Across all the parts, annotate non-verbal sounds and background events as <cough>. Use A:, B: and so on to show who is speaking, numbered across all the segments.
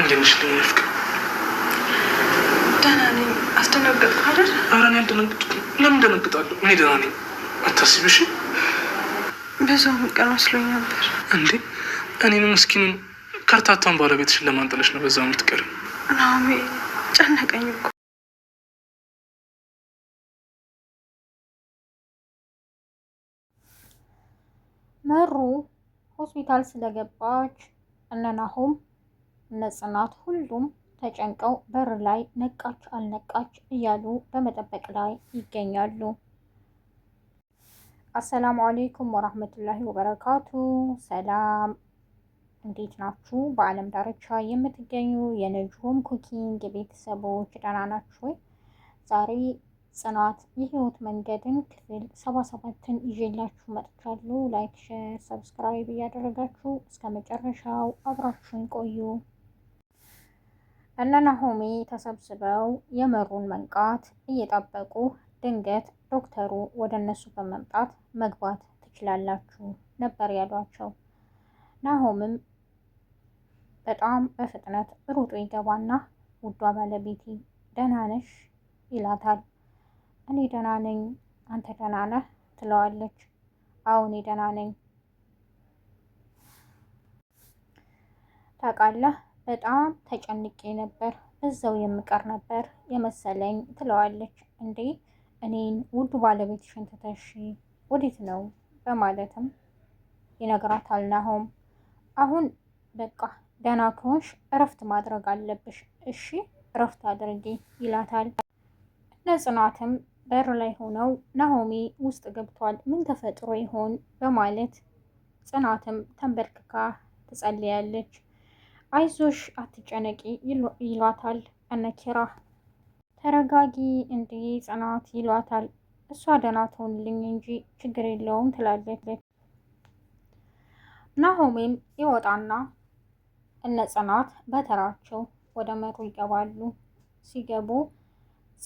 A: እንዴት ነሽ?
B: ደህና ነኝ። አስደነገጥኩ አይደል?
A: ለምን ደነግጣለሁ? እኔ ደህና ነኝ።
B: መስሎኝ ነበር።
A: እንዴ እኔን ምስኪኑን ከርታታን ባለቤትሽን ለማንጠለሽ ነው በዛው የምትቀር
B: ጨነቀኝ እኮ
C: መሩ ሆስፒታል ስለገባች እነ ናሆም እነ ጽናት ሁሉም ተጨንቀው በር ላይ ነቃች አልነቃች እያሉ በመጠበቅ ላይ ይገኛሉ። አሰላሙ አሌይኩም ወራህመቱላሂ ወበረካቱ። ሰላም እንዴት ናችሁ? በዓለም ዳርቻ የምትገኙ የነጅሁም ኩኪንግ ቤተሰቦች ደህና ናችሁ ወይ? ዛሬ ጽናት የህይወት መንገድን ክፍል ሰባ ሰባትን ይዤላችሁ መጥቻለሁ። ላይክ፣ ሼር፣ ሰብስክራይብ እያደረጋችሁ እስከ መጨረሻው አብራችሁን ቆዩ። እነ ናሆሜ ተሰብስበው የመሩን መንቃት እየጠበቁ ድንገት ዶክተሩ ወደ እነሱ በመምጣት መግባት ትችላላችሁ ነበር ያሏቸው። ናሆምም በጣም በፍጥነት ሩጦ ይገባና ውዷ ባለቤቴ ደህና ነሽ ይላታል። እኔ ደህና ነኝ፣ አንተ ደህና ነህ ትለዋለች። አዎ እኔ ደህና ነኝ ታውቃለህ በጣም ተጨንቄ ነበር፣ እዛው የምቀር ነበር የመሰለኝ ትለዋለች። እንዴ እኔን ውድ ባለቤትሽን ትተሽ ወዴት ነው በማለትም ይነግራታል ናሆም። አሁን በቃ ደህና ከሆንሽ እረፍት ማድረግ አለብሽ፣ እሺ እረፍት አድርጊ ይላታል። እነ ጽናትም በር ላይ ሆነው ናሆሚ ውስጥ ገብቷል፣ ምን ተፈጥሮ ይሆን በማለት ጽናትም ተንበርክካ ትጸልያለች። አይዞሽ አትጨነቂ ይሏታል። እነኪራ ተረጋጊ እንዲ ጽናት ይሏታል። እሷ ደህና ትሆንልኝ እንጂ ችግር የለውም ትላለች። ናሆሜም ይወጣና እነ ጽናት በተራቸው ወደ መሩ ይገባሉ። ሲገቡ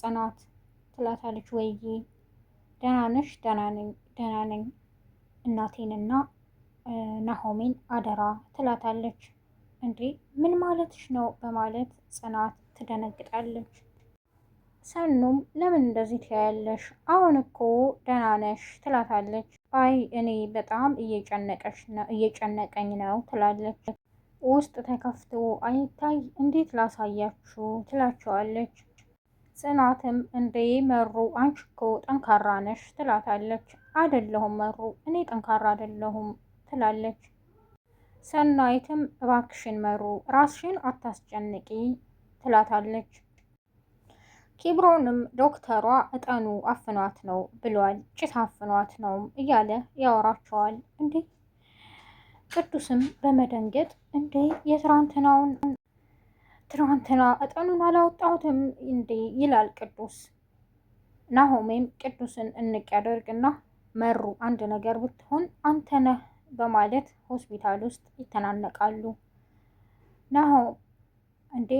C: ጽናት ትላታለች፣ ወይዬ ደህና ነሽ? ደህና ነኝ። እናቴንና ናሆሜን አደራ ትላታለች። እንዴ ምን ማለትሽ ነው በማለት ጽናት ትደነግጣለች። ሰኑም ለምን እንደዚህ ትያያለሽ? አሁን እኮ ደህና ነሽ ትላታለች። አይ እኔ በጣም እየጨነቀኝ ነው ትላለች። ውስጥ ተከፍቶ አይታይ እንዴት ላሳያችሁ ትላቸዋለች። ጽናትም እንዴ መሩ አንቺ እኮ ጠንካራ ነሽ ትላታለች። አይደለሁም መሩ እኔ ጠንካራ አይደለሁም ትላለች። ሰናይትም እባክሽን መሩ ራስሽን አታስጨንቂ ትላታለች። ኪብሮንም ዶክተሯ እጠኑ አፍኗት ነው ብሏል፣ ጭት አፍኗት ነው እያለ ያወራቸዋል። እንዴ ቅዱስም በመደንገጥ እንዴ የትናንትናውን ትናንትና እጠኑን አላወጣሁትም እንዴ ይላል ቅዱስ። ናሆሜም ቅዱስን እንቅ ያደርግና መሩ አንድ ነገር ብትሆን አንተ ነህ በማለት ሆስፒታል ውስጥ ይተናነቃሉ። ናሆም እንዴ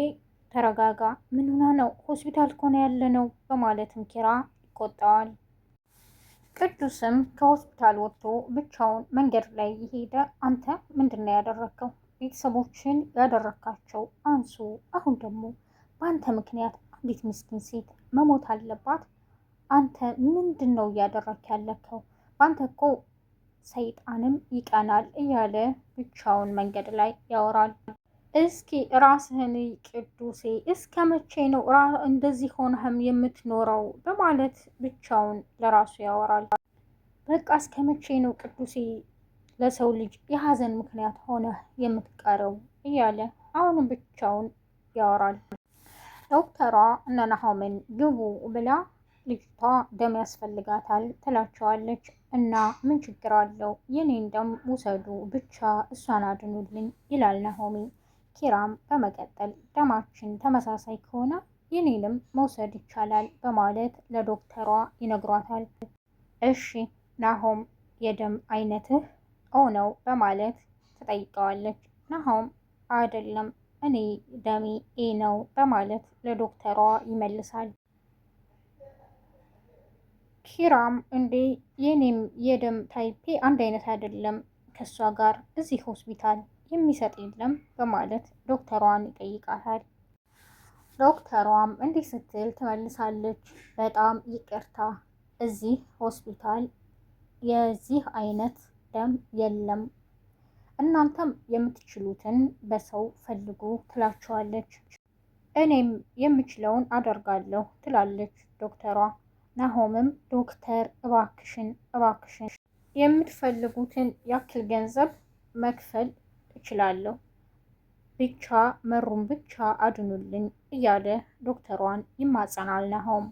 C: ተረጋጋ፣ ምን ሆና ነው ሆስፒታል ኮነ ያለ ነው በማለትም ኪራ ይቆጣዋል። ቅዱስም ከሆስፒታል ወጥቶ ብቻውን መንገድ ላይ እየሄደ አንተ ምንድን ነው ያደረግከው? ቤተሰቦችን ያደረግካቸው አንሱ። አሁን ደግሞ በአንተ ምክንያት አንዲት ምስኪን ሴት መሞት አለባት። አንተ ምንድን ነው እያደረግክ ያለከው? በአንተ እኮ ሰይጣንም ይቀናል እያለ ብቻውን መንገድ ላይ ያወራል። እስኪ ራስህን ቅዱሴ እስከ መቼ ነው እንደዚህ ሆነህም የምትኖረው? በማለት ብቻውን ለራሱ ያወራል። በቃ እስከ መቼ ነው ቅዱሴ ለሰው ልጅ የሀዘን ምክንያት ሆነህ የምትቀረው? እያለ አሁንም ብቻውን ያወራል። ዶክተሯ እነ ናሆምን ግቡ ብላ ልጅቷ ደም ያስፈልጋታል ትላቸዋለች። እና ምን ችግር አለው የኔን ደም ውሰዱ ብቻ እሷን አድኑልኝ ይላል ናሆሚ። ኪራም በመቀጠል ደማችን ተመሳሳይ ከሆነ የኔንም መውሰድ ይቻላል በማለት ለዶክተሯ ይነግሯታል። እሺ ናሆም የደም አይነትህ ኦ ነው በማለት ትጠይቀዋለች። ናሆም አይደለም እኔ ደሜ ኤ ነው በማለት ለዶክተሯ ይመልሳል። ኪራም እንዴ የኔም የደም ታይፔ አንድ አይነት አይደለም ከእሷ ጋር እዚህ ሆስፒታል የሚሰጥ የለም በማለት ዶክተሯን ይጠይቃታል። ዶክተሯም እንዲህ ስትል ትመልሳለች፣ በጣም ይቅርታ እዚህ ሆስፒታል የዚህ አይነት ደም የለም፣ እናንተም የምትችሉትን በሰው ፈልጉ ትላቸዋለች። እኔም የምችለውን አደርጋለሁ ትላለች ዶክተሯ። ናሆምም ዶክተር እባክሽን እባክሽን የምትፈልጉትን ያክል ገንዘብ መክፈል እችላለሁ፣ ብቻ መሩን ብቻ አድኑልኝ እያለ ዶክተሯን ይማጸናል። ናሆም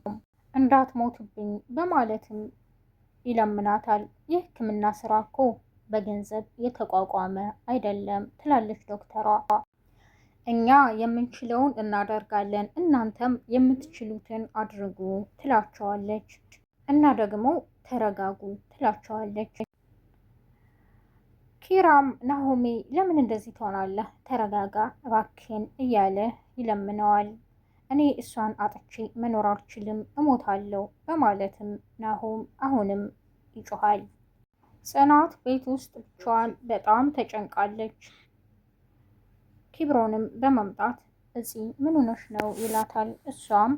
C: እንዳትሞትብኝ በማለትም ይለምናታል። የሕክምና ስራ እኮ በገንዘብ የተቋቋመ አይደለም ትላለች ዶክተሯ። እኛ የምንችለውን እናደርጋለን፣ እናንተም የምትችሉትን አድርጉ ትላቸዋለች እና ደግሞ ተረጋጉ ትላቸዋለች። ኪራም ናሆሜ ለምን እንደዚህ ትሆናለህ? ተረጋጋ እባክህን እያለ ይለምነዋል። እኔ እሷን አጥቼ መኖር አልችልም፣ እሞታለሁ በማለትም ናሆም አሁንም ይጮሃል። ጽናት ቤት ውስጥ ብቻዋን በጣም ተጨንቃለች። ኪብሮንም በመምጣት እጺ ምን ሆነሽ ነው ይላታል። እሷም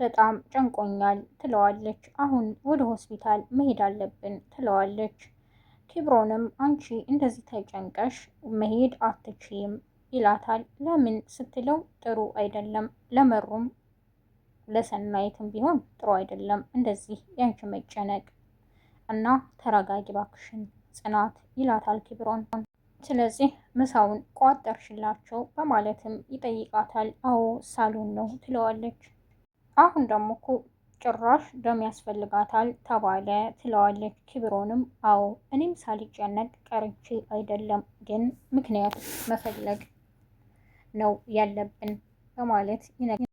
C: በጣም ጨንቆኛል ትለዋለች። አሁን ወደ ሆስፒታል መሄድ አለብን ትለዋለች። ኪብሮንም አንቺ እንደዚህ ተጨንቀሽ መሄድ አትችይም ይላታል። ለምን ስትለው ጥሩ አይደለም ለመሩም ለሰናይትም ቢሆን ጥሩ አይደለም እንደዚህ ያንቺ መጨነቅ እና ተረጋጊ ባክሽን ጽናት ይላታል ኪብሮን ስለዚህ ምሳውን ቋጠርሽላቸው በማለትም ይጠይቃታል። አዎ ሳሎን ነው ትለዋለች። አሁን ደግሞ እኮ ጭራሽ ደም ያስፈልጋታል ተባለ ትለዋለች። ክብሮንም አዎ እኔም ሳልጨነቅ ቀርቼ አይደለም፣ ግን ምክንያት መፈለግ ነው ያለብን በማለት ይነግረኛል።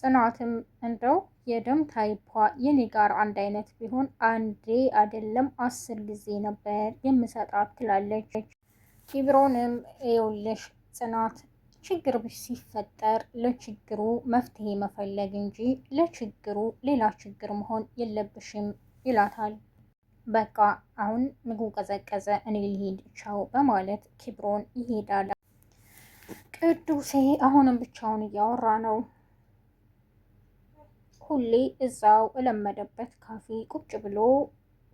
C: ጽናትም እንደው የደም ታይፓ የኔ ጋር አንድ አይነት ቢሆን አንዴ አይደለም አስር ጊዜ ነበር የምሰጣት ትላለች። ኪብሮንም የውልሽ ጽናት ችግር ሲፈጠር ለችግሩ መፍትሄ መፈለግ እንጂ ለችግሩ ሌላ ችግር መሆን የለብሽም ይላታል። በቃ አሁን ምግቡ ቀዘቀዘ፣ እኔ ልሄድ ቻው በማለት ኪብሮን ይሄዳል። ቅዱሴ አሁንም ብቻውን እያወራ ነው። ሁሌ እዛው እለመደበት ካፌ ቁጭ ብሎ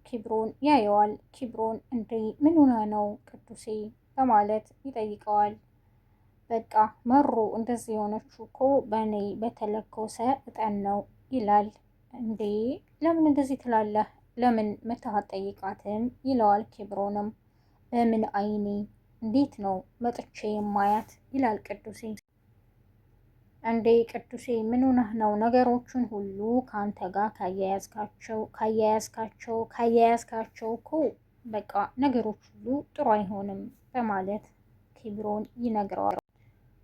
C: ኪብሮን ያየዋል። ኪብሮን እንዴ ምን ሆነ ነው ቅዱሴ በማለት ይጠይቀዋል። በቃ መሩ እንደዚህ የሆነችው እኮ በእኔ በተለኮሰ እጠን ነው ይላል። እንዴ ለምን እንደዚህ ትላለህ? ለምን መተሃት ጠይቃትም ይለዋል። ኬብሮንም በምን አይኔ እንዴት ነው መጥቼ የማያት ይላል ቅዱሴ። እንዴ ቅዱሴ ምን ሆነህ ነው? ነገሮቹን ሁሉ ከአንተ ጋር ካያያዝካቸው ካያያዝካቸው ካያያዝካቸው እኮ በቃ ነገሮች ሁሉ ጥሩ አይሆንም በማለት ክብሮን ይነግረዋል።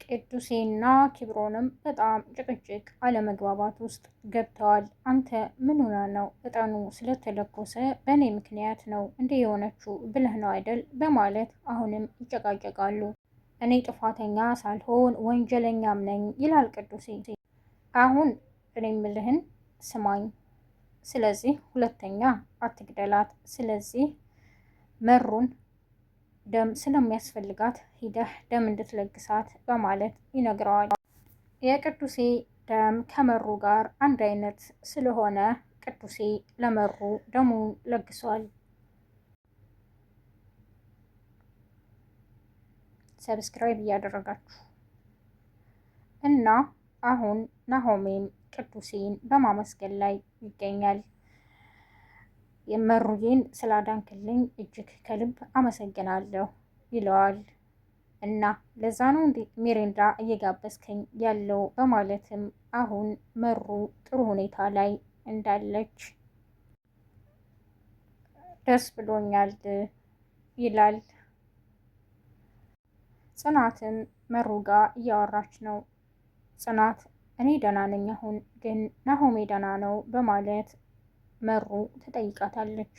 C: ቅዱሴና ክብሮንም በጣም ጭቅጭቅ፣ አለመግባባት ውስጥ ገብተዋል። አንተ ምን ሆና ነው? እጣኑ ስለተለኮሰ በእኔ ምክንያት ነው እንደ የሆነችው ብለህ ነው አይደል? በማለት አሁንም ይጨቃጨቃሉ። እኔ ጥፋተኛ ሳልሆን ወንጀለኛም ነኝ ይላል ቅዱሴ። አሁን እኔ ምልህን ስማኝ። ስለዚህ ሁለተኛ አትግደላት። ስለዚህ መሩን ደም ስለሚያስፈልጋት ሂደህ ደም እንድትለግሳት በማለት ይነግረዋል። የቅዱሴ ደም ከመሩ ጋር አንድ አይነት ስለሆነ ቅዱሴ ለመሩ ደሙን ለግሷል። ሰብስክራይብ እያደረጋችሁ እና አሁን ናሆሜን ቅዱሴን በማመስገን ላይ ይገኛል። የመሩዬን ስላዳንክልኝ እጅግ ከልብ አመሰግናለሁ ይለዋል። እና ለዛ ነው እንዴ ሜሬንዳ እየጋበዝከኝ ያለው በማለትም አሁን መሩ ጥሩ ሁኔታ ላይ እንዳለች ደስ ብሎኛል ይላል። ጽናትም መሩ ጋር እያወራች ነው። ጽናት እኔ ደህና ነኝ፣ አሁን ግን ናሆሜ ደህና ነው በማለት መሩ ትጠይቃታለች።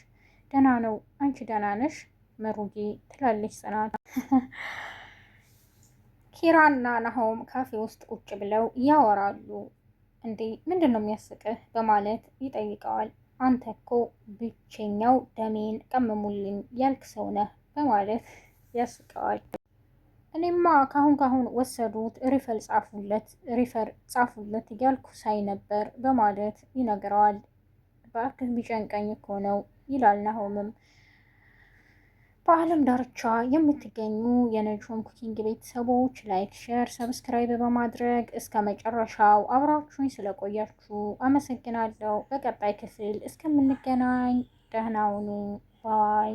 C: ደህና ነው አንቺ ደህና ነሽ መሩጌ ትላለች ጽናት። <laughs> ኪራና ናሆም ካፌ ውስጥ ቁጭ ብለው ያወራሉ። እንዴ ምንድን ነው የሚያስቅህ በማለት ይጠይቀዋል። አንተ እኮ ብቸኛው ደሜን ቀመሙልኝ ያልክ ሰው ነህ በማለት ያስቀዋል። እኔማ ካሁን ካሁን ወሰዱት ሪፈር ጻፉለት ሪፈር ጻፉለት እያልኩ ሳይ ነበር በማለት ይነግረዋል። ባክህ ቢጨንቀኝ እኮ ነው ይላል ናሆምም። በዓለም ዳርቻ የምትገኙ የነጆም ኩኪንግ ቤተሰቦች ላይክ፣ ሼር፣ ሰብስክራይብ በማድረግ እስከ መጨረሻው አብራችሁኝ ስለቆያችሁ አመሰግናለሁ። በቀጣይ ክፍል እስከምንገናኝ ደህና ሁኑ። ባይ